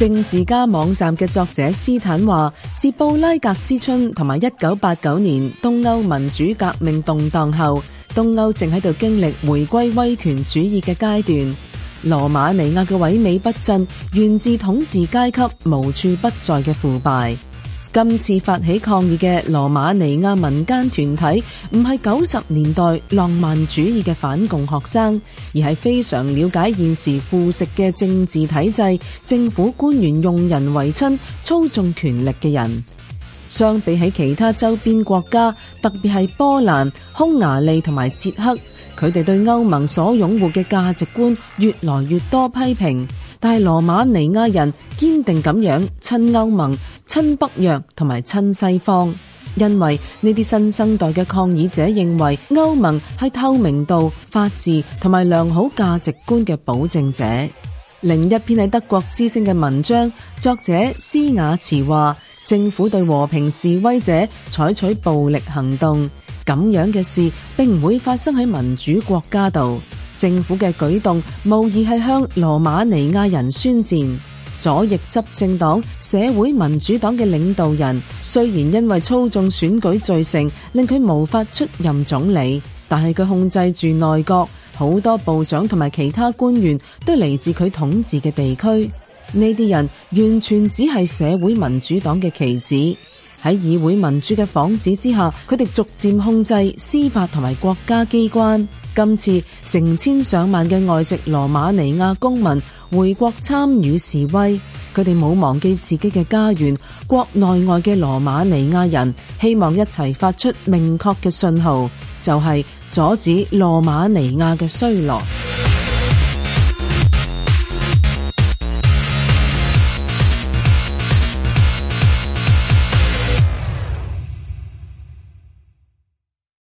政治家網站嘅作者斯坦話，自布拉格之春同埋一九八九年東歐民主革命動盪後，東歐正喺度經歷回歸威權主義嘅階段。羅馬尼亞嘅萎靡不振，源自統治階級無處不在嘅腐敗。今次發起抗議嘅羅馬尼亞民間團體唔係九十年代浪漫主義嘅反共學生，而係非常了解現時腐蝕嘅政治體制，政府官員用人唯親、操縱權力嘅人。相比起其他周邊國家，特別係波蘭、匈牙利同埋捷克，佢哋對歐盟所擁護嘅價值觀越來越多批評，但係羅馬尼亞人堅定咁樣親歐盟親北約同埋親西方，因為呢啲新生代嘅抗議者認為歐盟係透明度、法治同埋良好價值觀嘅保證者。另一篇喺德國之聲嘅文章，作者施瓦茨話：政府對和平示威者採取暴力行動，咁樣嘅事並唔會發生喺民主國家度。政府嘅舉動無疑係向羅馬尼亞人宣戰。左翼執政黨社會民主黨嘅領導人雖然因為操縱選舉罪成，令佢無法出任總理，但係佢控制住內閣，好多部長同埋其他官員都嚟自佢統治嘅地區。呢啲人完全只係社會民主黨嘅棋子，喺議會民主嘅幌子之下，佢哋逐漸控制司法同埋國家機關。今次成千上萬嘅外籍羅馬尼亞公民回國參與示威，佢哋冇忘記自己嘅家園，國內外嘅羅馬尼亞人希望一齊發出明確嘅信號，就係阻止羅馬尼亞嘅衰落。